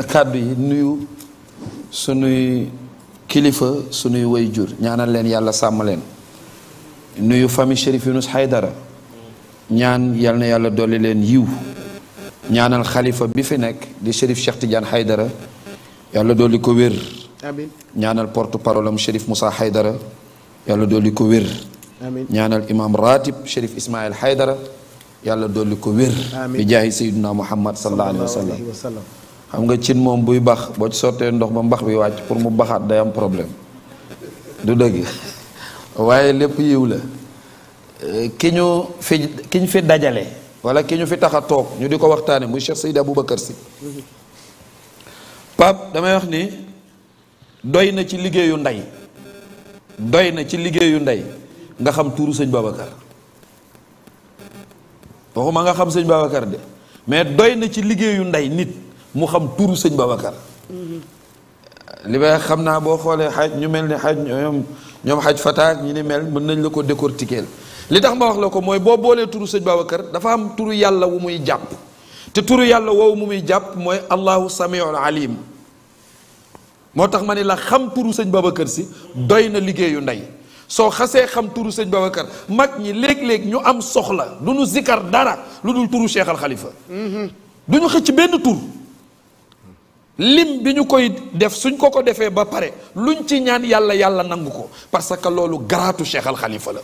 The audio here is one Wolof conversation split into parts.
نكابي نيو سنوي كليفة سنوي ويجور نيانا لين يالا ساملين نيو فامي شريف يونس حيدر نعن يالنا يالا دولي لين يو نعنا الخليفة بفنك دي شريف شيخ تجان حيدر يالا دولي كوير نعنا البورتو بارولم شريف موسى حيدر يالا دولي كوير نعنا الإمام راتب شريف إسماعيل حيدر يالا دولي كوير بجاه سيدنا محمد صلى الله عليه وسلم, الله عليه وسلم. xam nga cin moom buy bax boo ci sottee ndox ba mbax bi wàcc pour mu baxaat day am problème du dëgg waaye lépp yiw la euh, ki fi kiñ fi dajale wala ki ñu fi tax a toog ñu di ko waxtaane muy cheikh sayid aboubacar si pap damay wax ni doy na ci liggéeyu ndey doy na ci liggéeyu ndey nga xam tuuru sëñ babacar waxuma nga xam sëñ babacar de mais doy na ci liggéeyu ndey nit mu xam turu seigne babakar li ba xamna bo xolé haj ñu melni haj ñom ñom haj fata ñi ni mel mën nañ la ko décortiquer li tax ma wax la ko mooy boo boolee turu seigne babakar dafa am turu yàlla wu muy jàpp te turu yàlla woowu mu muy jàpp moy allah samiul alim motax mané la xam turu seigne babakar si doyna na liggéeyu ndey soo xasee xam turu seigne babakar mag ñi léeg-léeg ñu am soxla du ñu zikkar dara lu dul turu Cheikh al Khalifa duñu xëc ci benn tour lim bi ñu koy def suñ ko ko defee ba pare luñ ci ñaan yàlla yàlla nangu ko parce que loolu garaatu cheikh al xalifa la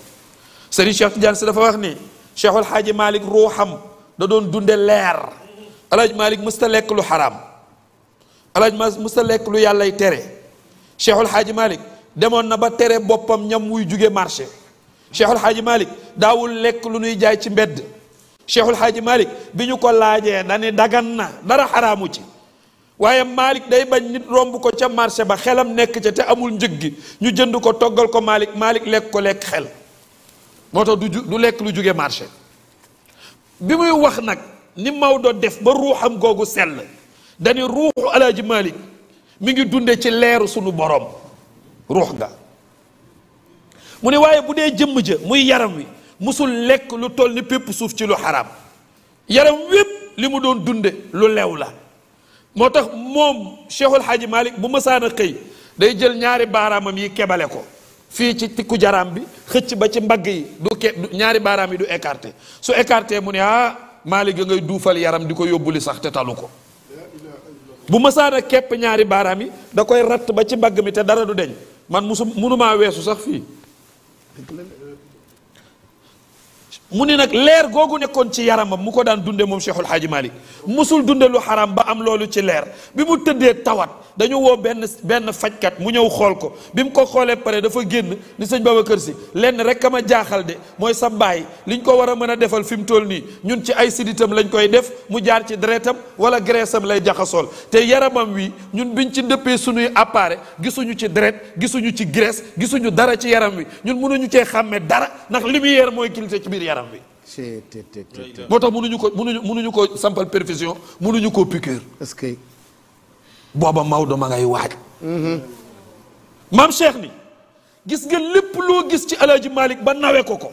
sëriñ Cheikh Tidiane si dafa wax ni cheikhul xaaji Malick ruuxam da doon dunde leer alaaj Malick musta lekk lu xaraam alaaj Malick musta lekk lu yàllay tere cheikhul xaaji malik demoon na ba tere boppam ñam wuy jóge marché cheikhul xaaji malik daawul lekk lu nuy jaay ci mbedd cheikhul xaaji Malick bi ñu ko laajee dani dagan na dara xaraamu ci waaye Malick day bañ nit romb ko ca marché ba xelam nekk ca te amul njëg gi ñu jënd ko toggal ko Malick Malick lekk ko lekk xel moo tax du du lekk lu jóge marché bi muy wax nag ni Maodo def ba ruuxam googu sell dani ruuxu alaaji Malick mi ngi dunde ci leeru sunu borom ruux nga mu ne waaye bu dee jëmm ja muy yaram wi mësul lekk lu toll ni pépp suuf ci lu xaraam yaram wépp li mu doon dunde lu lew la moo tax moom Cheikhul Hadji Malick bu mësaan a xëy day jël ñaari baaraamam yi kebale ko fii ci tikku jaraam bi xëcc ba ci mbagg yi du ke ñaari baaraam yi du écarté su écarté mu ne ah Malick ngay duufal yaram di ko yóbbuli sax te talu ko bu mësaan a kepp ñaari baaraam yi da koy ratt ba ci mbagg mi te dara du deñ man musu munumaa weesu sax fii mu ni nag leer googu nekkoon ci yaramam mu ko daan dunde moom Cheikhul Hadji Malick musul dunde lu xaram ba am loolu ci leer bi mu tëddee tawat dañu woo benn benn fajkat mu ñëw xool ko bi mu ko xoolee pare dafa génn ni sëñ kër Si lenn rek ka ma jaaxal de mooy sa baay liñ ko war a mën a defal fi mu toll nii ñun ci ay siditam lañ koy def mu jaar ci deretam wala graisam lay jaxasool te yaramam wi ñun biñ ci ndëppee suñuy appareil gisuñu ci deret gisuñu ci graisse gisuñu dara ci yaram wi ñun munuñu cee xàmmee dara ndax lumière mooy kilité ci biir yaram wi. moo tax munuñu ko mënuñu mënuñu ko sampal perfusion mënuñu koo piqûre. booba Maodo ma ngay waaj. maam Cheikh ni gis nga lépp loo gis ci El Hadj Malick ba nawe ko ko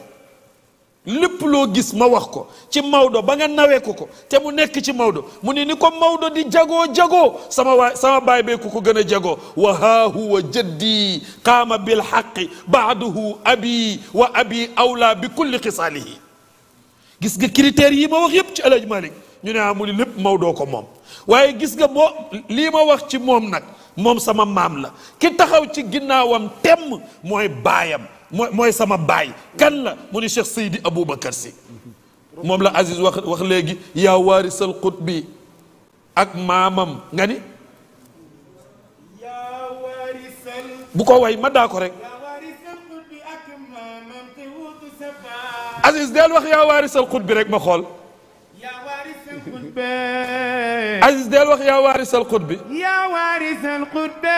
lépp loo gis ma wax ko ci Maodo ba nga nawee ko ko te mu nekk ci Maodo mu ni ni ko Maodo di jagoo jagoo sama waay sama baay bee ku ko gën a jagoo wa haa huwa jaddi qaama bil xaqi baaduhu abi wa abi awla bi kulli xisaalihi gis nga critères yi ma wax yépp ci El Hadj Malick ñu ne ah mu ni lépp ko moom waaye gis nga boo lii ma wax ci moom nag moom sama maam la ki taxaw ci ginnaawam temm mooy baayam mooy sama baay kan la mu ni Cheikh Seydi Aboubacar Sy moom la Aziz wax wax léegi yaa waarisal qutbi ak maamam nga ni ko way ma rek Aziz del wax yaa waarisal qutbi rek ma xool القربي عزيز ديال يا وارث القربي يا وارث القربي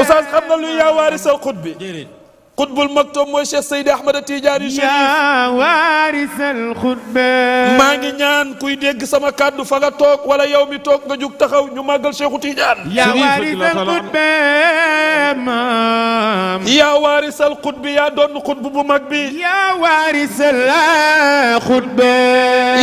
استاذ خضر يا وارث القربي قطب المكتوب موي شيخ سيد احمد التجاري شريف يا وارث الخطبه ماغي نيان كوي ديغ سما كادو فغا توك ولا يومي توك نجوك جوك تخاو ني ماغال شيخو تيجان يا وارث الخطبه يا وارث الخطبه يا دون خطبه بو ماغبي يا وارث الخطبه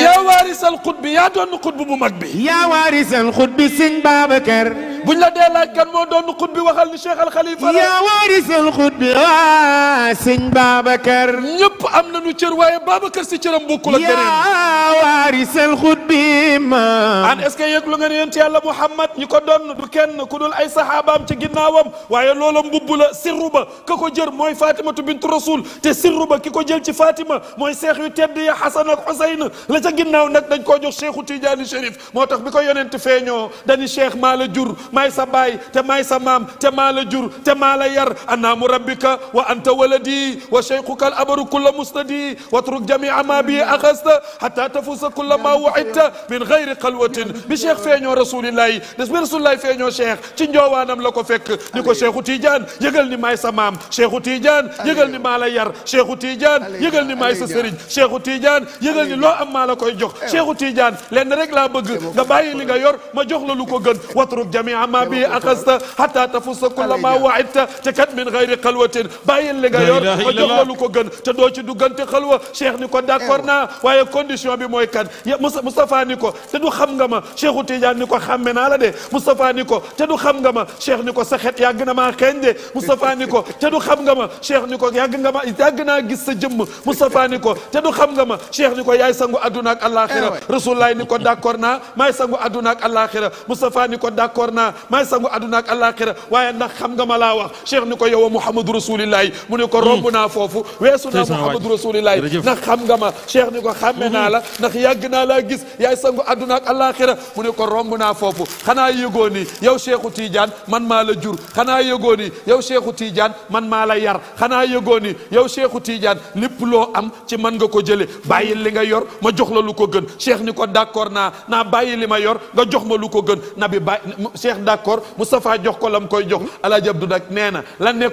يا وارث الخطبه يا دون خطبه بو ماغبي يا وارث الخطبه سين بابكر بو لا دي لاج كان مو دون خطبه واخال ني شيخ الخليفه يا وارث الخطبه yaa sëñ Babacar. ñëpp am nañu cër waaye Babacar si cëram bokkul ak beneen. yaa waarisal xutbi ma. an est ce que yëglu nga ne yonent yàlla Muhammad ñi ko doon du kenn ku dul ay sa saxaabaam ci ginnaawam waaye loola mbubb la sirru ba ka ko jër mooy Fatimatu bintu Rasul te sirru ba ki ko jël ci Fatima mooy seex yu tedd ya Xasan ak Xuseyn la ca ginnaaw nag dañ koo jox Seexu Tijaani Chérif moo tax bi ko yonent feeñoo dañu Seex maa la jur maay sa baay te maay sa maam te maa la te maa la yar anaamu rabbika أنت ولدي وشيخك الأبر كل مسندي واترك جميع ما بي أخذت حتى تفوز كل ما وعدت من غير قلوة بشيخ فينيو رسول الله des bi rasulullah feeñoo cheikh ci njoowaanam la ko fekk ni ko cheikhu tidiane yëgal ni maay sa maam cheikhu tidiane yëgal ni maa la yar cheikhu tidiane yëgal ni maay sa sëriñ cheikhu tidiane yëgal ni loo am maa la koy jox cheikhu tidiane lenn rek laa bëgg nga bàyyi li nga yor ma jox la lu ko gën watruk jamia ma bi axasta hatta tafusa kulla ma waidta te kat min gayri xalwatin bàyyi bàyyil li nga yor nga jox ma lu ko gën te doo ci duggante xalwa cheikh ni ko d'accord naa waaye condition bi mooy kan Moustapha ni ko te du xam nga ma Cheikhu Tidiane ni ko xàmme naa la de Moustapha ni ko te du xam nga ma cheikh ni ko sa xet yàgg na maa xeeñ de Moustapha ni ko te du xam nga ma cheikh ni ko yàgg nga ma yàgg naa gis sa jëmm Moustapha ni ko te du xam nga ma cheikh ni ko yaay sangu adduna ak alaxira Rasulullah ni ko d'accord naa maay sangu adduna ak alaxira Moustapha ni ko d'accord naa maay sangu adduna ak alaxira waaye ndax xam nga ma laa wax cheikh ni ko yow Muhammadu Rasulillah mu ne ko romb naa foofu weesu naa muhammadu rasulillahi ndax xam nga ma cheikh ni ko xàmme naa la mm-hmm. ndax yàgg naa laa gis yaay sangu adduna ak alaxira mu ne ko romb naa foofu xanaa yëgoo ni yow cheikhu tidiane man maa la jur xanaa yëgoo ni yow cheikhu tidiane man maa la yar xanaa yëgoo ni yow cheikhu tidiane lépp loo am ci man nga ko jële bàyyil li nga yor ma jox la lu ko gën cheikh ni ko d'accord naa naa bàyyi li ma yor nga jox ma lu ko gën nabi ba cheikh d'accord Moustapha jox ko la mu koy jox alaaji abdou nag nee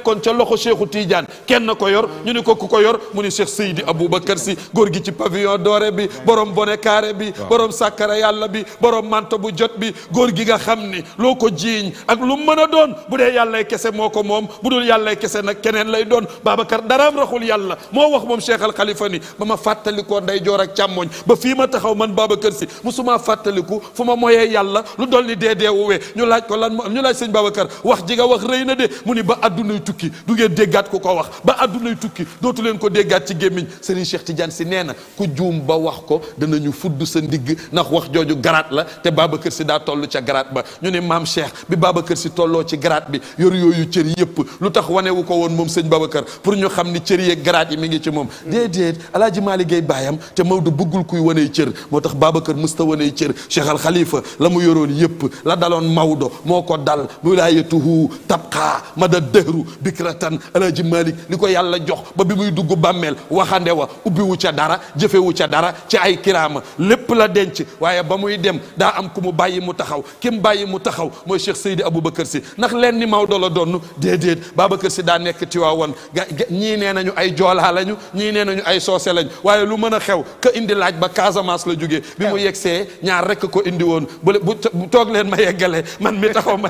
Tidiane kenn ko yor ñu ni ko ku ko yor mu ni Cheikh Seydi Aboubacar Sy góor gi ci pavillon doore bi boroom bonnet carré bi borom sàkkara yàlla bi boroom manto bu jot bi góor gi nga xam ni loo ko jiiñ ak lu mën a doon bu dee yàlla kese moo ko moom bu dul yàlla kese nag keneen lay doon Babacar daraam raxul yàlla moo wax moom Cheikh Al Khalifa ni ba ma fàttalikoo nday joor ak càmmoñ ba fii ma taxaw man Babacar Sy musuma fàttaliku fu ma moyee yàlla lu dol ni dee dee wuwee ñu laaj ko lan ñu laaj sëñ Babacar wax ji nga wax rëy na mu ni ba addunay tukki du ku ko wax ba àddunay tukki dootu leen ko déggaat ci gémmiñ Serigne Cheikh Tidiane si nee na ku juum ba wax ko ñu fudd sa ndigg ndax wax jooju garaat la te baaba kër si daa toll ca garaat ba ñu ne maam Cheikh bi baaba kër si tolloo ci garaat bi yor yooyu cër yëpp lu tax wanewu ko woon moom sëñ kër pour ñu xam ni cër yee garaat yi mi ngi ci moom mm. déedéet alaaji Malick liggéey baayam te Maodo bëggul kuy waney cër moo tax baaba kër musta wanee cër Cheikh Al Khalifa la mu yoroon yëpp la daloon Maodo moo ko dal wilaayatuhu tabqa mada dëhru bikratan Malik li ko yàlla jox ba bi muy dugg bàmmeel waxande wa ubbiwu ca dara jëfewu ca dara ci ay kiraama lépp la denc waaye ba muy dem daa am ku mu bàyyi mu taxaw ki mu bàyyi mu taxaw mooy Cheikh Seydi Aboubacar Sy ndax leen ni Maodo la doon déedéet Babacar si daa nekk Tiwaawan ga ñii nee nañu ay joolaa lañu ñii nee nañu ay soose lañ waaye lu mën a xew ka indi laaj ba Casamance la jógee bi mu yegsee ñaar rekk ko indi woon bu toog leen ma yeggale man mi taxaw ma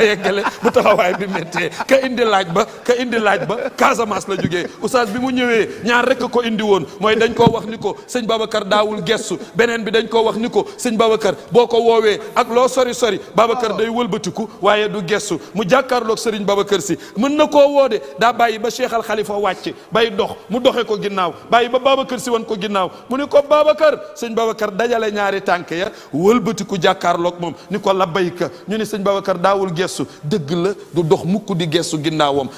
Casamance la jógee oustaz bi mu ñëwee ñaar rek ko indi woon mooy dañ koo wax ni ko sëñ Babacar daawul gestu beneen bi dañ koo wax ni ko sëñ Babacar boo ko woowee ak loo sori sori Babacar day wëlbatiku waaye du gestu mu jàkkaarloog sëriñ Babacar si mën na koo woode daa bàyyi ba Cheikh Al Khalifa wàcc bay dox mu doxee ko ginnaaw bàyyi ba Babacar si wan ko ginnaaw mu ni ko Babacar sëñ Babacar dajale ñaari tànk ya wëlbatiku jàkkaarloog moom ni ko labbayka ñu ni sëñ daawul gestu dëgg di gestu ginnaawam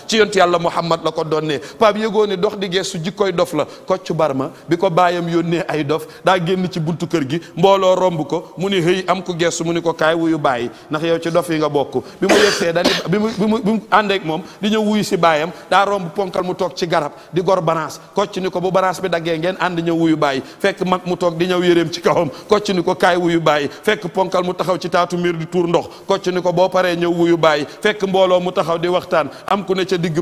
donnee Pape yëgoo ne dox di gestu jikkoy dof la Kocc Barma bi ko baayam yónnee ay dof daa génn ci buntu kër gi mbooloo romb ko mu ni hëy am ku gestu mu ni ko kaay wuyu bàyyi ndax yow ci dof yi nga bokk bi mu yegsee dani bi mu bi mu bi mu moom di ñëw wuyu si baayam daa ponkal mu toog ci garab di gor banaas Kocc ko bu banaas bi daggee ngeen ànd ñëw wuyu bàyyi fekk mag mu toog di ñëw yéreem ci kawam Kocc ni ko kaay wuyu bàyyi fekk ponkal mu taxaw ci taatu miir di tuur ndox Kocc ni ko boo paree ñëw wuyu bàyyi fekk mbooloo mu taxaw di waxtaan am ku digg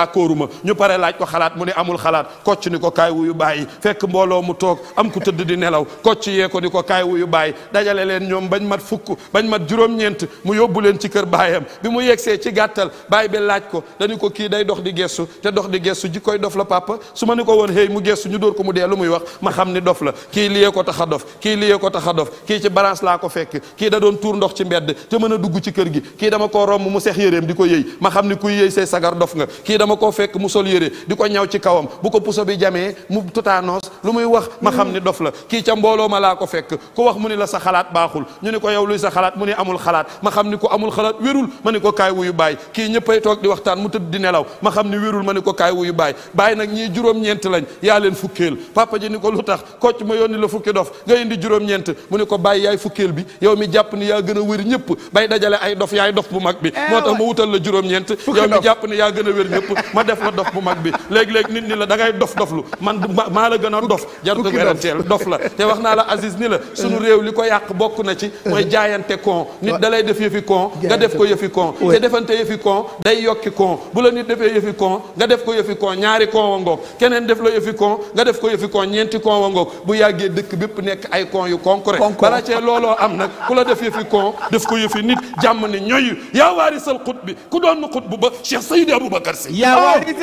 d'accordu ma ñu pare laaj ko xalaat mu ne amul xalaat kocc ni ko kaay wuyu bàyyi fekk mu toog am ku tëdd di nelaw kocc yee ko ni ko kaay wuyu bàyyi dajale leen ñoom bañ mat fukk bañ mat juróom-ñeent mu yóbbu leen ci kër baayam bi mu yegsee ci gàttal baay bi laaj ko dañu ko kii day dox di gestu te dox di gestu ji dof la papa su ma ni ko woon hey mu gestu ñu dóor ko mu dee lu muy wax ma xam ni dof la kii liyee ko tax a dof kii liyee ko tax a dof kii ci balance laa ko fekk kii da doon tuur ndox ci mbedd te mën a dugg ci kër gi kii dama ko romb mu seex yéreem di ko yëy ma xam ni kuy yëy say sagar dof nga kii dama dama ko fekk mu sol yére di ko ñaw ci kawam bu ko puso bi jamee mu tutaanoos lu muy wax ma xam ni dof la kii ca mbooloo ma laa ko fekk ku wax mu ni la sa xalaat baaxul ñu ni ko yow luy sa xalaat mu ni amul xalaat ma xam ni ko amul xalaat wérul ma ni ko kaay wuyu baay kii ñëppay toog di waxtaan mu tëdd di nelaw ma xam ni wérul ma ni ko kaay wuyu baay baay nag ñii juróom-ñeent lañ yaa leen fukkeel papa ji ni ko lu tax kocc ma yónni la fukki dof nga indi juróom-ñeent mu ni ko baay yaay fukkeel yow mi jàpp ni yaa gën a ñëpp bay dajale ay dof yaay dof bu mag bi eh, moo tax ma wutal la juróom-ñeent yow mi yaa gën a wér ma def ma dof bu mag bi léegi-léegi nit ni la da ngay dof doflu man maa la gën a dof jarut a weranteel dof la te wax naa la Aziz ni la suñu réew li ko yàq bokk na ci mooy jaayante kon nit da lay def yëfi kon nga def ko yëfi kon te bu la nit defee yëfi kon nga def ko yëfi kon ñaari kon wa ngoog keneen la yëfi kon nga def ko yëfi kon ñeenti kon wa ngoog bu yàggee dëkk bépp nekk ay kon yu concret bala cee looloo am nag ku la def yëfi kon def ko yëfi nit jàmm ni ñoyu yaa waarisal xut bi ku doon xut bu ba Cheikh Seydi Aboubacar Sy آية إيه،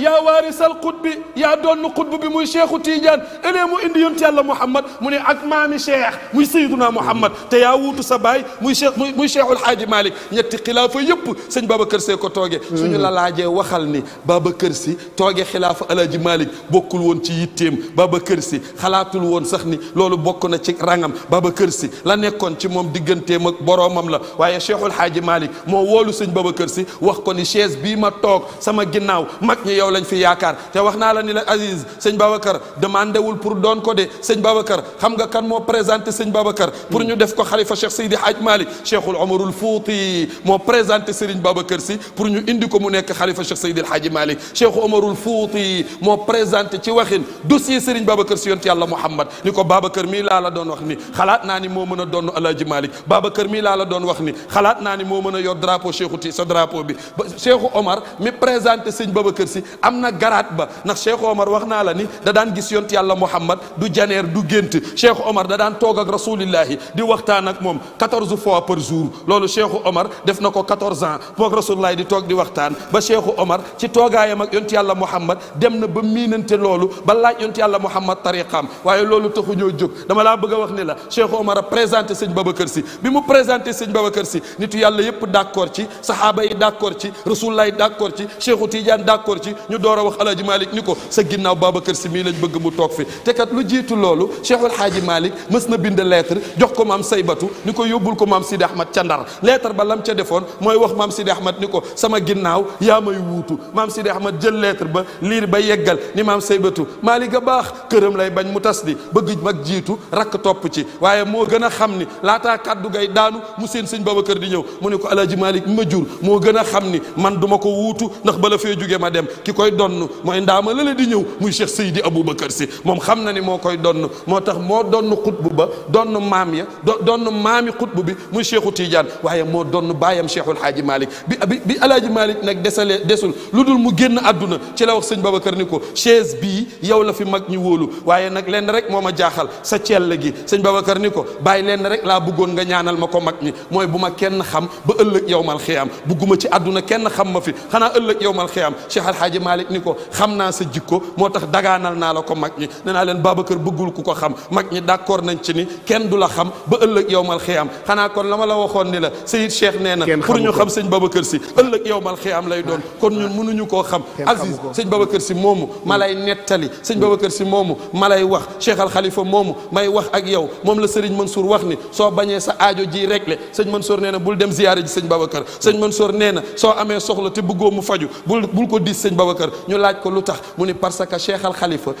يا وارث القطب يا دون قطب بمو شيخ تيجان الي مو اندي يونت الله محمد من اكمام شيخ مو سيدنا محمد تا يا ووت شيخ مو شيخ الحاج مالك نيت خلاف ييب سيغ بابا كرسي كو توغي سوني لا لاجي وخال بابا كرسي توغي خلاف الحاج مالك بوكول وون تي ييتيم بابا كرسي خلاتول وون سخني لولو بوكنا تي رانغام بابا كرسي لا نيكون تي موم ديغنت digganteem ak boroomam la waaye Cheikhul Xaaji Malick moo woolu sëñ Babacar si wax ko ni chaise bi ma tok sama ginnaw mak ñi yow lañ fi yaakar te wax na la ni la Aziz sëñ Babacar demandé wul pour don ko de sëñ Babacar xam nga kan moo présenté sëñ Babacar pour ñu def ko khalifa Cheikh Seydi Hadj Malick Cheikhul Omarul Fouti moo présenté Serigne Babacar si pour ñu indi ko mu nek khalifa Cheikh Seydi haj malik Cheikh Omarul Fouti mo présenter ci waxin dossier Serigne Babacar si yonti yàlla Muhammad ni ko Babacar mii laa la don wax ni xalaat na ni mo meuna don doon malik babakar mi la la doon wax ni xalaat naa ni moo mën a yor drapeau Cheikhou ti sa drapeau bi ba Cheikhou Omar mi présenté sëñ babakar si am na garaat ba ndax Cheikhou Omar wax naa la ni da daan gis yont yàlla Muhammad du janeer du gént Cheikhou Omar da daan toog ak rasulillahi di waxtaan ak moom 14 fois par jour loolu Cheikhou Omar def na ko 14 ans moog rasulillahi di toog di waxtaan ba Cheikhou Omar ci toogaayam ak yont yàlla Muhammad dem na ba miinante loolu ba laaj yont yàlla Muhammad tariqaam waaye loolu taxu ñoo jóg dama laa bëgg a wax ni la Cheikhou Omar a présenté sëñ si bi mu présenté sëñ Babacar si nitu yàlla yëpp d'accord ci saxaaba yi d'accord ci rasulullah yi d'accord ci Cheikhu Tidiane d'accord ci ñu door a wax alaaji Malick ni ko sa ginnaaw Babacar si mii lañ bëgg mu toog fi te kat lu jiitu loolu Cheikhul Haaji Malick mës na bind lettre jox ko maam Saybatu ni ko yóbbul ko maam Sidi Ahmad ca Ndar lettre ba lam ca defoon mooy wax maam Sidi Ahmad ni ko sama ginnaaw yaa may wuutu maam Sidi Ahmad jël lettre ba liir mu tas di bëgg mag jiitu rakk topp ci waaye moo a Fallou Gaye daanu mu seen sëñ Babacar di ñëw mu ne ko Alaaji Malick mi moo gën a xam ni man duma ko wuutu ndax bala fee jóge ma dem ki koy donn mooy ndaama lale di ñëw muy Cheikh Seydi Aboubacar si moom xam na ni moo koy donn moo tax moo donn xutbu ba donn maam ya donn maami xutbu bi muy Cheikhu Tidiane waaye moo donn baayam Cheikhul Haaji Malick bi bi bi Alaaji Malick nag desale desul lu dul mu génn àdduna ci la wax sëñ Babacar ni ko chaise bi yow la fi mag ñu wóolu waaye nag lenn rek moo ma jaaxal sa cell gi sëñ Babacar ni ñaanal ma ko mag ñi mooy bu ma kenn xam ba ëllëg yowmal xiyaam bugguma ci àdduna kenn xam ma fi xanaa ëllëg yowmal xiyaam Cheikh Alhaaji Malick ni ko xam naa sa jikko moo tax dagaanal naa la ko mag ñi nee naa leen Babacar bëggul ku ko xam mag ñi d'accord nañ ci ni kenn du la xam ba ëllëg yowmal xiyaam xanaa kon la ma la waxoon ni la Seyid Cheikh nee na pour ñu xam sëñ Babacar si ëllëg yowmal xiyaam lay doon kon ñun mënuñu koo xam Aziz sëñ Babacar si moomu ma lay nettali sëñ Babacar si moomu ma lay wax Cheikh Al Khalifa moomu may wax ak yow moom la Serigne Mansour wax ni soo bañee sa aajo ji réglé sëñ Mansour nee na bul dem ziyaare ji sëñ Babacar sëñ Mansour nee na soo amee soxla te bëggoo mu faju bul bul ko dis sëñ Babacar ñu laaj ko lu tax mu ni parce que Cheikh Al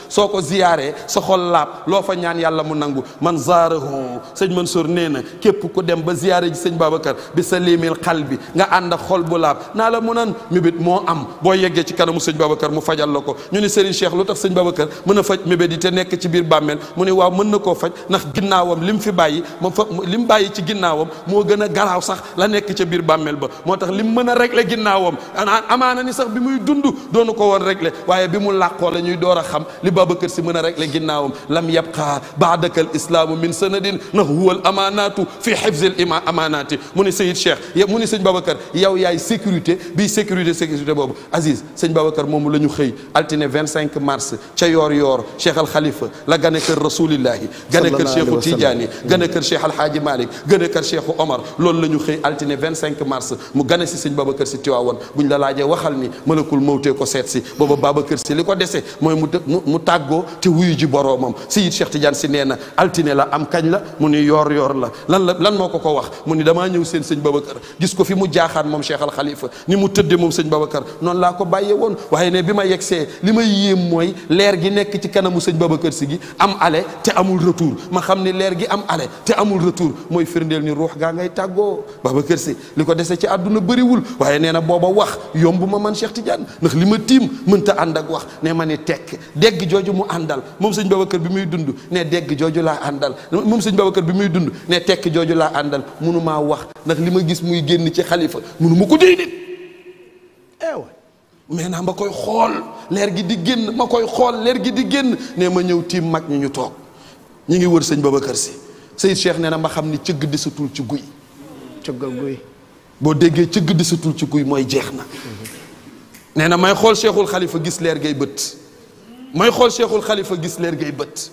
soo ko ziyaaree sa xol laab loo fa ñaan yàlla mu nangu man zaarahu sëñ Mansour nee na képp ku dem ba ziyaare ji sëñ Babacar bi salimil xal bi nga ànd ak xol bu laab naa la mu nan mébét moo am boo yeggee ci kanamu sëñ Babacar mu fajal la ko ñu ni Serigne Cheikh lu tax sëñ Babacar mën a faj mébét yi te nekk ci biir bàmmeel mu ni waaw mën na koo faj ndax ginnaawam lim fi bàyyi fa lim bàyyi ci ginnaawam moo gën a garaaw sax la nekk ca biir bàmmeel ba moo tax lim mën a régler ginnaawam amaana ni sax bi muy dund doonu ko woon régler waaye bi mu làqoo la ñuy door a xam li Babacar si mën a régler ginnaawam lam yabqa baadaka al min sanadin na huwa al fi xifzi al ima amaanaati mu ni Seyid Cheikh mu ni sëñ Babacar yow yaay sécurité bi sécurité sécurité boobu Aziz sëñ Babacar moomu la ñu xëy altine 25 mars ca yoor yoor Cheikh al Khalifa la gane kër rasulillahi gane kër Cheikhu Tidiane gane kër Cheikh al Haaji Malik gën a kër Cheikhu Omar loolu la ñu xëy altine 25 mars mu gane si sëñ Babacar si Tiwaawoon bu ñu la laajee waxal ni malakul mawtee ko seet si booba Babacar si li ko dese mooy mu mu tàggoo te wuyu ji boroomam Seyid Cheikh Tidiane si nee na altine la am kañ la mu ni yoor yoor la lan la lan moo ko ko wax mu ni damaa ñëw seen sëñ Babacar gis ko fi mu jaaxaan moom Cheikh Al Khalifa ni mu tëdde moom sëñ Babacar noonu laa ko bàyyee woon waaye ne bi ma yegsee li ma yéem mooy leer gi nekk ci kanamu sëñ Babacar si gi am ale te amul retour ma xam ni leer gi am ale te amul retour mooy firndel ni ruh ga ngay taggo baba keur li liko dessé ci aduna bëriwul wul waye na boba wax yombu ma man Cheikh Tidiane ndax lima tim mën ta andak wax ne mané tek degg joju mu mu mom seigne baba keur bi muy dund ne joju la andal mom seigne baba keur bi muy dund ne tek joju la andal munuma wax ndax lima gis muy genn ci khalifa munuma ko dey nit eewa mais ma koy xol leer gi di genn ma koy xol leer gi di genn ne ma ñew tim mag ñu tok ñi ngi wër Seyid Cheikh nee na ma xam ni cëgg desatul ci guy. cëggal guy. boo déggee cëgg desatul ci guy mooy jeex na. nee na may xool Cheikhul xalifa gis leer gay bët. may xool Cheikhul Khalifa gis leer bët.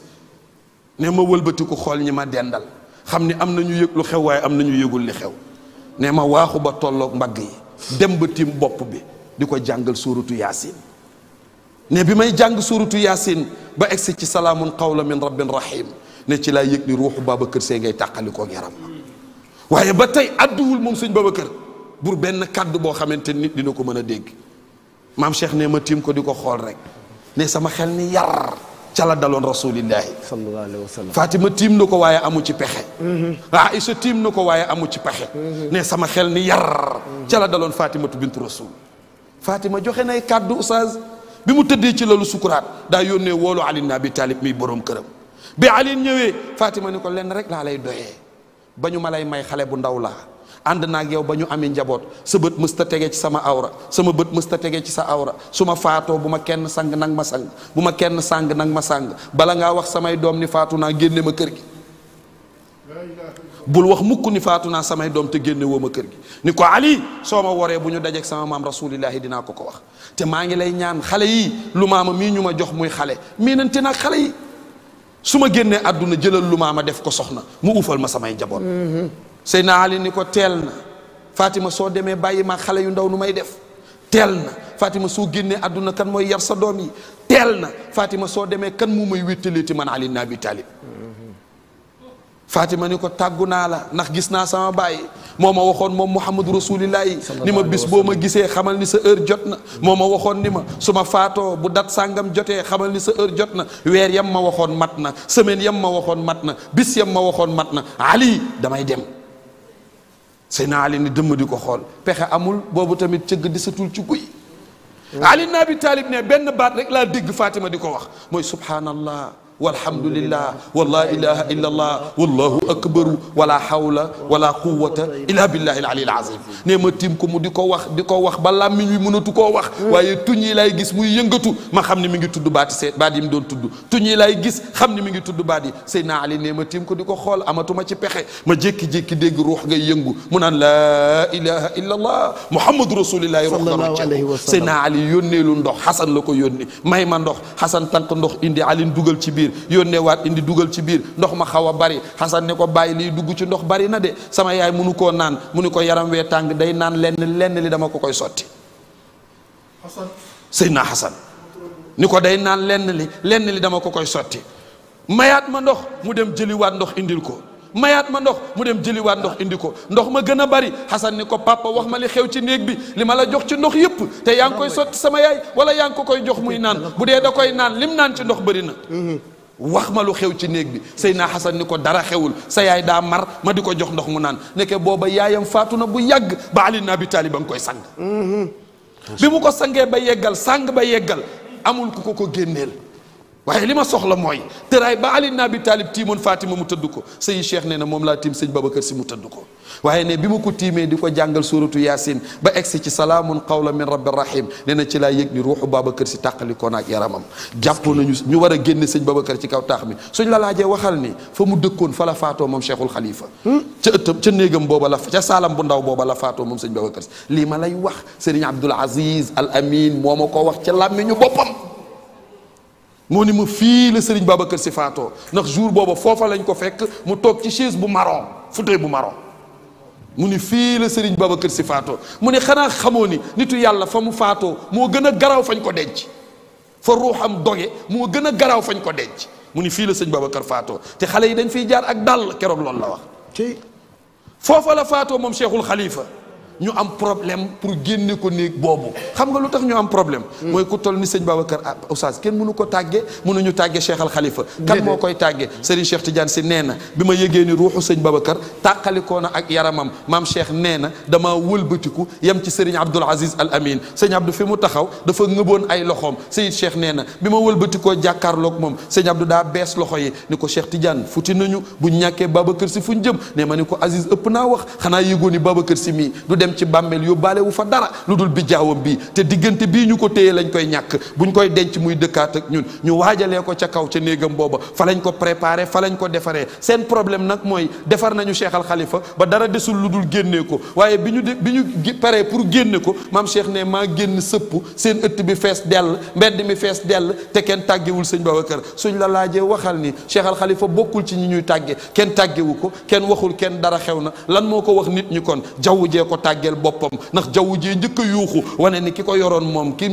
ne ma wëlbati xool ñi ma dendal xam ni am na ñu yëg lu xew waaye am na ñu yëgul li xew nee ma waaxu ba tollook mbagg yi dem ba tiim bopp bi di ko jàngal suuratu yaasin ne bi may jàng suuratu yaasin ba egsi ci salaamun qawla min rabbin rahim ne ci laa yëg ni ruuxu Babacar Seye ngay tàqalikook yaram waaye ba tey àdduwul moom sëñ Babacar bur benn kàddu boo xamante nit dina ko mën a dégg maam Cheikh ne ma tiim ko di ko xool rek ne sama xel ni yar ca la daloon rasulillahi sallallahu alayhi wa sallam tiim na ko waaye amu ci pexe mm-hmm. na ko waaye amu ci pexe mm-hmm. sama xel ni yar mm-hmm. ca la daloon Fatimatu bintu rasul Fatima joxe nay kàddu oustaz bi mu tëddee ci lalu sukkuraat daa yónnee woolu Ali ibn Abi Talib miy boroom këram bi alin ñëwee Fatima ni ko lenn rek laa lay doyee ba ñu ma lay may xale bu ndaw laa ànd naag yow ba ñu amee njaboot sa bët mësta tege ci sama awra sama bët mësta tege ci sa awra su ma faatoo bu ma kenn sang nag ma sang bu ma kenn sang nag ma sang bala ngaa wax samay doom ni faatu naa génne ma kër gi bul wax mukk ni faatu naa samay doom te génne woo ma kër gi ni ko ali soo ma woree bu ñu dajeek sama maam rasulillahi dinaa ko ko wax te maa ngi lay ñaan xale yi lu maama mii ñu ma jox muy xale miinante naag xale yi su ma génnee àdduna jëlal lu ma def ko soxna mu uufal ma samay njaboot Seydina Ali ni ko teel na Fatima soo demee bàyyi ma xale yu ndaw nu may def teel na Fatima soo génnee àdduna kan mooy yar sa doom yi teel na Fatima soo demee kan moo may wéttaleeti man Ali na Abi Fatima ni ko tàggu naa la ndax gis naa sama baay moo ma waxoon moom Muhammadu Rasulillahi ni ma bis boo ma gisee xamal ni sa heure jot na moo ma waxoon ni ma su ma faatoo bu dat sàngam jotee xamal ni sa heure jot na weer yam ma waxoon mat na semaine yam ma waxoon mat na bis yam ma waxoon mat na Ali damay dem Seydina Ali ni dëmm di ko xool pexe amul boobu tamit cëgg desatul ci guy mm. Ali na Abi Taalib ne benn baat rek laa dégg Fatima di ko wax mooy subhanallah والحمد لله ولا اله الا الله والله اكبر ولا حول ولا قوه الا بالله العلي العظيم نعم تيمكو ديكو واخ ديكو واخ با لامي وي مونو توكو واخ وايي توني لاي غيس موي ييغاتو ما خامني ميغي تود بات سي بات يم دون تود توني لاي غيس خامني ميغي تود بات دي سيدنا نعم نيما تيمكو ديكو خول اماتوما سي بخي ما جيكي جيكي ديغ روح غاي ييغو مونان لا اله الا الله محمد رسول الله صلى الله عليه وسلم سيدنا علي يونيلو ندوخ حسن لاكو يوني ما ندوخ حسن تانك اندي علي ندوغل سي biir yónnee waat indi dugal ci biir ndox ma xaw a bari xasan ne ko bàyyi liy dugg ci ndox bari na de sama yaay munu koo naan mu ni ko yaram wee tàng day naan lenn lenn li dama ko koy sotti Seydina Xasan ni ko day naan lenn li lenn li dama ko koy sotti mayaat ma ndox mu dem jëliwaat ndox indil ko mayaat ma ndox mu dem jëliwaat ndox indi ko ndox ma gën a bari xasan ko papa wax ma li xew ci néeg bi li ma la jox ci yëpp te yaa ngi koy sotti sama yaay wala yaa ngi koy jox muy naan bu dee da koy naan lim naan ci ndox bari na mm-hmm. wax ma lu xew ci néeg bi sey naa Xasan ni ko dara xewul sa yaay daa mar ma di ko jox ndox mu naan nekke booba yaayam faatu na bu yàgg ba Ali ibn Abi Talib ba nga koy sang mhm. bi mu ko sangee ba yeggal sang ba yeggal amul ku ko ko génneel waye lima soxla moy teray ba ali nabi talib timun Fatima mu tëdd ko sëñ Cheikh neena mom la tim tiim babakar si mu tëdd ko waye ne bi ko timé diko jàngal suratu yasin ba egsi ci salamun qawlan min rabbir rahim neena ci la yek ni ruhu babakar si takali ko nak yaramam jappo nañu ñu wara genn génne babakar ci kaw tax mi suñ la laajee waxal ni fa mu dekkon fa la faatoo mom Cheikhul Khalifa ci ëttam ci negam boba la ci salam bu ndaw boba la faatoo mom sëñ babakar li ma lay wax sëriñ Abdul Aziz Al Amin momako ma ko wax ca làmmiñu boppam moni ni fi le Serigne Babacar sifato faatoo ndax jour bobo fofa lañ ko fekk mu tok ci chaise bu marron fauteuil bu marron mu fi le Serigne Babacar sifato faatoo xana xamoni nitu yàlla fa mu faatoo moo gën a fañ ko denc fa ruham doge mo gëna garaw fañ ko denc mu fi le serigne Babacar fato te xale yi dañ fi jaar ak dal kérok lool la wax. ci fofa la fato mom Cheikhul Khalifa. ñu am problème pour génne ko néeg boobu xam nga lu tax ñu am problème hmm. mooy ku toll ni sëñ Babacar ah, Oustaz kenn mënu ko tàgge mënuñu tàgge Cheikh Al Khalifa kan moo koy tàgge Serigne Cheikh Tidiane si nee na bi ma yëgee ni ruuxu sëñ Babacar tàqalikoo na ak yaramam maam Cheikh nee na dama wëlbatiku yem ci Serigne Abdoul Aziz Al Amin sëñ Abdou fi mu taxaw dafa ngëboon ay loxoom Seyid Cheikh nee na bi ma wëlbatikoo jàkkaarloog moom sëñ Abdou daa bees loxo yi ni ko Cheikh Tidiane futi nañu buñ ñàkkee Babacar si fuñ jëm ne ma ni ko Aziz ëpp naa wax xanaa yëgoon ni Babacar si mii dem ci bàmmeel yóbbaale wu fa dara lu dul bijaawam bii te diggante bii ñu ko téye lañ koy ñàkk buñ koy denc muy dëkkaat ñun ñu waajalee ko ca kaw ca néegam booba fa lañ ko préparer fa lañ ko defaree seen problème nag mooy defar nañu Cheikh xalifa ba dara desul lu dul génnee ko waaye bi ñu de bi ñu paree pour génne ko maam Cheikh ne maa génn sëpp seen ëtt bi fees dell mbedd mi fees dell te kenn tàggewul sëñ Babacar suñ la laajee waxal ni Cheikh xalifa Khalifa bokkul ci ñi ñuy tàgge kenn tàggewu ko kenn waxul kenn dara xew na tàggeel bopam ndax jaww jee njëkk a yuuxu wane ni ki ko yoroon moom ki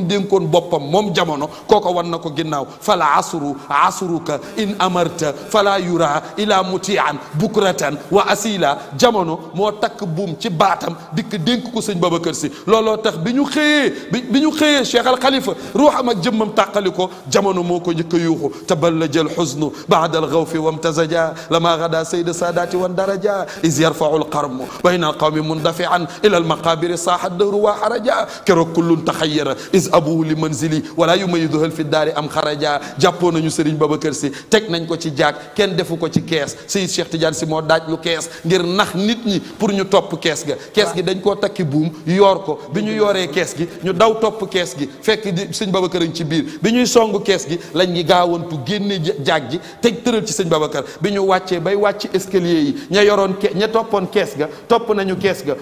jamono koko wan nako ginnaw fala asru asruka in amarta fala yura ila mutian bukratan wa asila jamono mo tak bum ci batam dik dénk ko sëñ Babacar si lolo tax biñu xeye biñu xeye cheikh al khalifa ruham ak jëmmam takaliko jamono moko ko yuxu a yuuxu al xusnu baada al wamtazaja lama ghada sayyid saadaati wan daraja iz yarfau al qarm bayna al qawmi mundafian ilal maqaabiri saaxat dëhru waa xaraja keroog kullun taxayyara is abuhu li manzili wala yu mayi doxal fi daari am xaraja jàppoo nañu Serigne Babacar si teg nañ ko ci jaag kenn defu ko ci kees Seydi Cheikh Tidiane si moo daaj lu kees ngir nax nit ñi pour ñu topp kees ga kees gi dañ koo takki buum yoor ko bi ñu yooree kees gi ñu daw topp kees gi fekk di sëñ Babacar a ngi ci biir bi ñuy song kees gi lañ ngi gaawantu génne jaag ji teg tëral ci sëñ Babacar bi ñu wàccee bay wàcc escalier yi ña yoroon ña toppoon kees ga topp nañu kees ga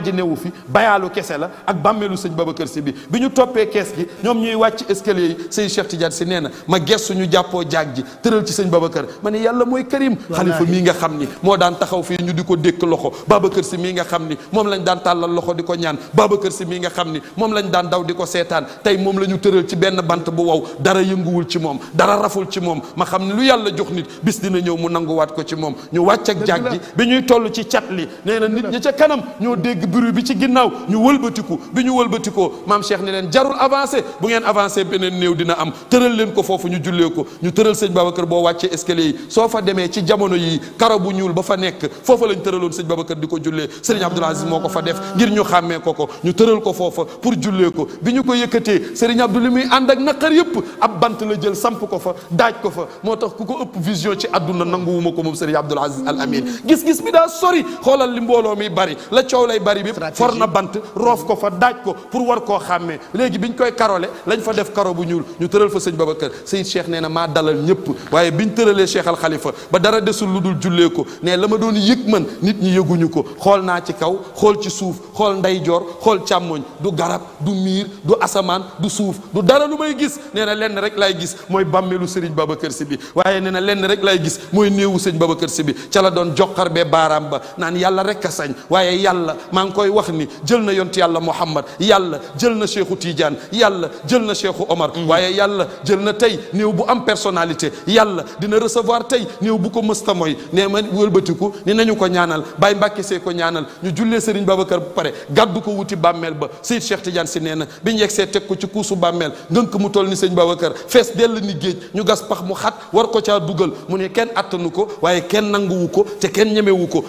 jumaa ji newu fi bayaalu kese la ak bàmmeelu sëñ Babacar si bi bi ñu toppee kees gi ñoom ñuy wàcc escalier yi sëñ Cheikh Tidiane si nee na ma gestu ñu jàppoo jaag ji tëral ci sëñ Babacar ma ne yàlla mooy karim xalifa mii nga xam ni moo daan taxaw fii ñu di ko dékk loxo Babacar si mii nga xam ni moom lañ daan tàllal loxo di ko ñaan Babacar si mii nga xam ni moom lañ daan daw di ko seetaan tey moom la ñu tëral ci benn bant bu wow dara yënguwul ci moom dara raful ci moom ma xam ne lu yàlla jox nit bis dina ñëw mu nanguwaat ko ci moom ñu wàcc ak jaag toll ci cat li dégg bruit bi ci ginnaaw ñu wëlbatiku bi ñu wëlbatikoo maam Cheikh ni leen jarul avancé bu ngeen avancé beneen néew dina am tëral leen ko foofu ñu jullee ko ñu tëral sëñ Babacar boo wàccee escalier yi soo fa demee ci jamono yi karo bu ñuul ba fa nekk foofa lañ tëraloon sëñ Babacar di ko jullee sëriñ Abdoul Aziz moo ko fa def ngir ñu xàmmee ko ko ñu tëral ko foofa pour jullee ko bi ñu ko yëkkatee sëriñ Abdou li muy ànd ak naqar yëpp ab bant la jël samp ko fa daaj ko fa moo tax ku ko ëpp vision ci àdduna nanguwuma ko moom sëriñ Abdoul Aziz Al Amin gis-gis bi daa sori li mbooloo mi bari la coow lay bari bari bi for na bant roof ko fa daaj ko pour war koo xàmmee léegi bi ñu koy karole lañ fa def karo bu ñuul ñu tëral fa sëñ Babacar Seyid Cheikh nee na maa dalal ñëpp waaye biñ tëralee Cheikh Al Khalifa ba dara desul lu dul jullee ko ne la ma doon yëg man nit ñi yëguñu ko xool naa ci kaw xool ci suuf xool ndeyjoor xool càmmoñ du garab du miir du asamaan du suuf du dara lu may gis nee na lenn rek laay gis mooy bàmmeelu Serigne kër Sy bi waaye nee na lenn rek laay gis mooy néewu sëñ Babacar Sy bi ca la doon joxar baaraam ba naan yàlla rek sañ waaye maa ngi koy wax ni jël na yont yàlla Muhammad yàlla jël na Cheikhu Tidiane yàlla jël na Cheikhu Omar mm-hmm. waaye yàlla jël na tey néew bu am personnalité yàlla dina recevoir tey néew bu ko mësta mooy nee ma wëlbatiku ni nañu ko ñaanal Baye Mbàkke see ko ñaanal ñu jullee Serigne Babacar bu pare gàddu ko wuti bàmmeel ba Seyd Cheikh Tidiane si nee na bi ñu see teg ko ci kuusu bàmmeel ngënk mu toll ni sëñ Babacar fees dell ni géej ñu gas pax mu xat war ko caa dugal mu ne kenn attanu ko waaye ko te kenn ko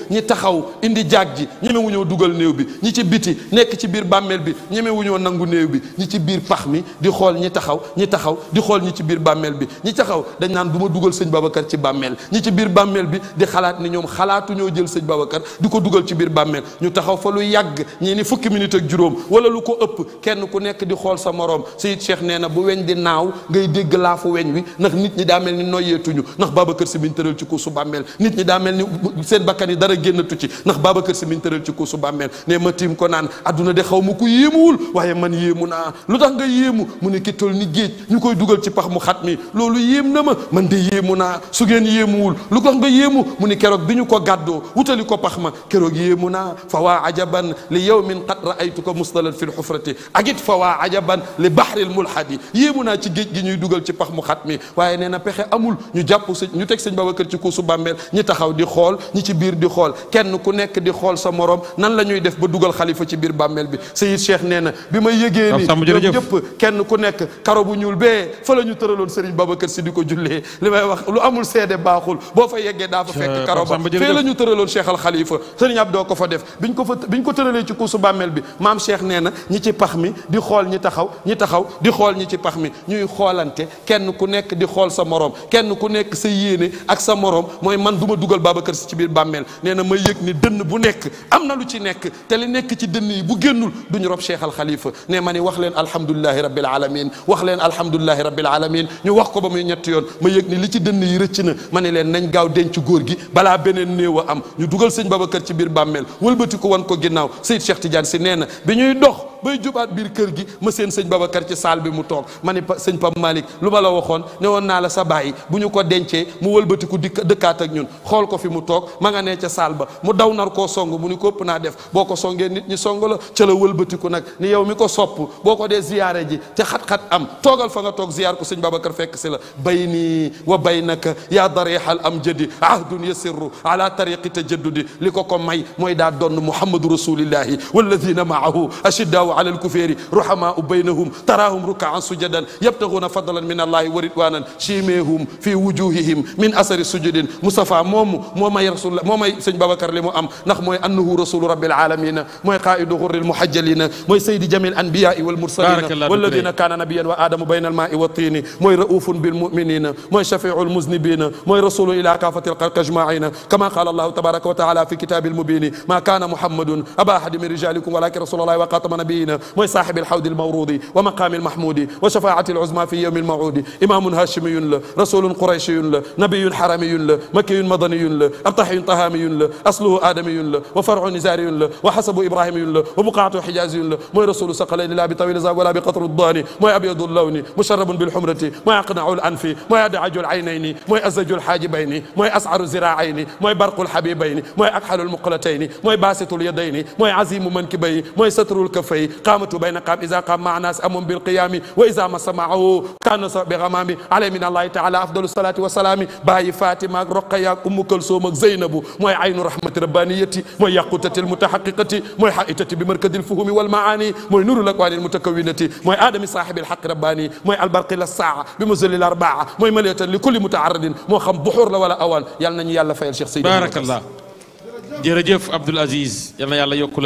néew bi ñi ci biti nekk ci biir bàmmeel bi ñemewuñoo nangu néew bi ñi ci biir pax mi di xool ñi taxaw ñi taxaw di xool ñi ci biir bàmmeel bi ñi taxaw dañ naan du ma dugal sëñ Babacar ci bàmmeel ñi ci biir bàmmeel bi di xalaat ni ñoom xalaatuñoo jël sëñ Babacar di ko dugal ci biir bàmmeel ñu taxaw fa lu yàgg ñi ni fukki minute ak juróom wala lu ko ëpp kenn ku nekk di xool sa moroom Seyid Cheikh nee na bu weñ di naaw ngay dégg laafu weñ wi ndax nit ñi daa mel ni noyyeetuñu ndax Babacar si biñ tëral ci kuusu bàmmeel nit ñi daa mel ni seen bakkan yi dara génnatu ci ndax Babacar si biñ tëral ci kuusu bàmmeel nag ma tiim ko naan adduna di xaw ma ku yéemuwul waaye man yéemu naa lu tax nga yéemu mu ne ki toll ni ñu koy dugal ci pax mu xat mi loolu yéem na ma man de yéemu naa su ngeen yéemuwul lu tax nga yéemu mu ni keroog bi ñu ko gàddoo wutali ko pax ma keroog yéemu naa fa waa ajaban li yawmin qad raaytuka mustalan fi lxufrati ak it fa waa ajaban li baxril mulhadi yéemu naa ci géej gi ñuy dugal ci pax mu xat mi waaye nee na pexe amul ñu jàpp sëñ ñu teg sëñ Babacar ci kuusu bàmmeel ñi taxaw di xool ñi ci biir di xool kenn ku nekk di xool sa morom nan la koy def ba dugal xalifa ci biir bàmmeel bi Seyid Cheikh nee na bi may yëgee ni ñoom ñëpp kenn ku nekk karo bu ñuul bee fa la ñu tëraloon Serigne Babacar si di ko jullee li may wax lu amul seede baaxul boo fa yeggee daa fa fekk karo ba fee la ñu tëraloon Cheikh al Khalifa Serigne doo ko fa def biñ ko fa biñ ko tëralee ci kuusu bàmmeel bi maam Cheikh nee na ñi ci pax mi di xool ñi taxaw ñi taxaw di xool ñi ci pax mi ñuy xoolante kenn ku nekk di xool sa morom kenn ku nekk sa yéene ak sa morom mooy man du ma dugal Babacar Sy ci biir bàmmeel nee na ma yëg ni dënn bu nekk dégg te li nekk ci dënn yi bu génnul duñu rob cheikh al xalifa ne ma ni wax leen alhamdulilahi rabbil alamin wax leen alhamdulilahi rabbil alamin ñu wax ko ba muy ñetti yoon ma yëg ni li ci dënn yi rëcc na ma ne leen nañ gaaw denc góor gi balaa beneen néew a am ñu dugal sëñ Babacar ci biir bàmmeel wëlbati ko wan ko ginnaaw Seyd Cheikh Tidiane si nee na bi ñuy dox bay jubaat biir kër gi ma seen sëñ Babacar ci saal bi mu toog ma ne sëñ Pape Malick lu ma la waxoon ne woon naa la sa bàyyi bu ñu ko dencee mu wëlbatiku dikk dëkkaat ak ñun xool ko fi mu toog ma nga nee ca saal ba mu daw nar koo song mu ni ko ëpp naa def boo ko songee nit ñi song la ca la wëlbatiku nag ni yow mi ko sopp boo ko dee ziyaare ji te xat-xat am toogal fa nga toog ziyaar ko sëñ Babacar fekk si la bayni wa baynaka yaa darihal am jadi ahdun yasirru ala tariqi tajaddudi li ko ko may mooy daa doon muhammadu rasulillahi walladina maahu ashiddaw على الكفير رحماء بينهم تراهم ركعا سجدا يبتغون فضلا من الله ورضوانا شيميهم في وجوههم من أثر السجود مصطفى موم موماي رسول موماي سيغ بكر لي مو ام نخ موي انه رسول رب العالمين موي قائد غر المحجلين موي سيد جميع الانبياء والمرسلين والذين كان نبيا وادم بين الماء والطين موي رؤوف بالمؤمنين موي شفيع المذنبين موي رسول الى كافه الخلق اجمعين كما قال الله تبارك وتعالى في كتاب المبين ما كان محمد ابا احد من رجالكم ولكن رسول الله وقاتم نبي المتقين وصاحب الحوض المورود ومقام المحمود وشفاعة العظمى في يوم الموعود إمام هاشمي له رسول قريشي له نبي حرمي له مكي مدني له أبطحي طهامي له أصله آدمي له وفرع نزاري له وحسب إبراهيمي له وبقعة حجازي له ما رسول سقلين لا بطويل زاب ولا بقطر الضاني ما أبيض اللون مشرب بالحمرة ما أقنع الأنف ما أدعج العينين ما أزج الحاجبين ما أسعر الذراعين ما برق الحبيبين ما أكحل المقلتين ما باسط اليدين ما عزيم منكبي ما ستر الكفي قامت بين قام إذا قام مع ناس أم بالقيام وإذا ما سمعه كان بغمام علي من الله تعالى أفضل الصلاة والسلام باي فاطمة رقيا أم كلثوم زينب موي عين رحمة ربانيتي موي يقوتة المتحققة موي حائتة بمركز الفهم والمعاني موي نور الاقوال المتكونة موي آدم صاحب الحق رباني موي البرق للساعة بمزل الأربعة موي ملية لكل متعرض مو خم بحور لا ولا أوان يالنا يالا فايل شيخ سيدي بارك الله جرجف عبد العزيز yal na yàlla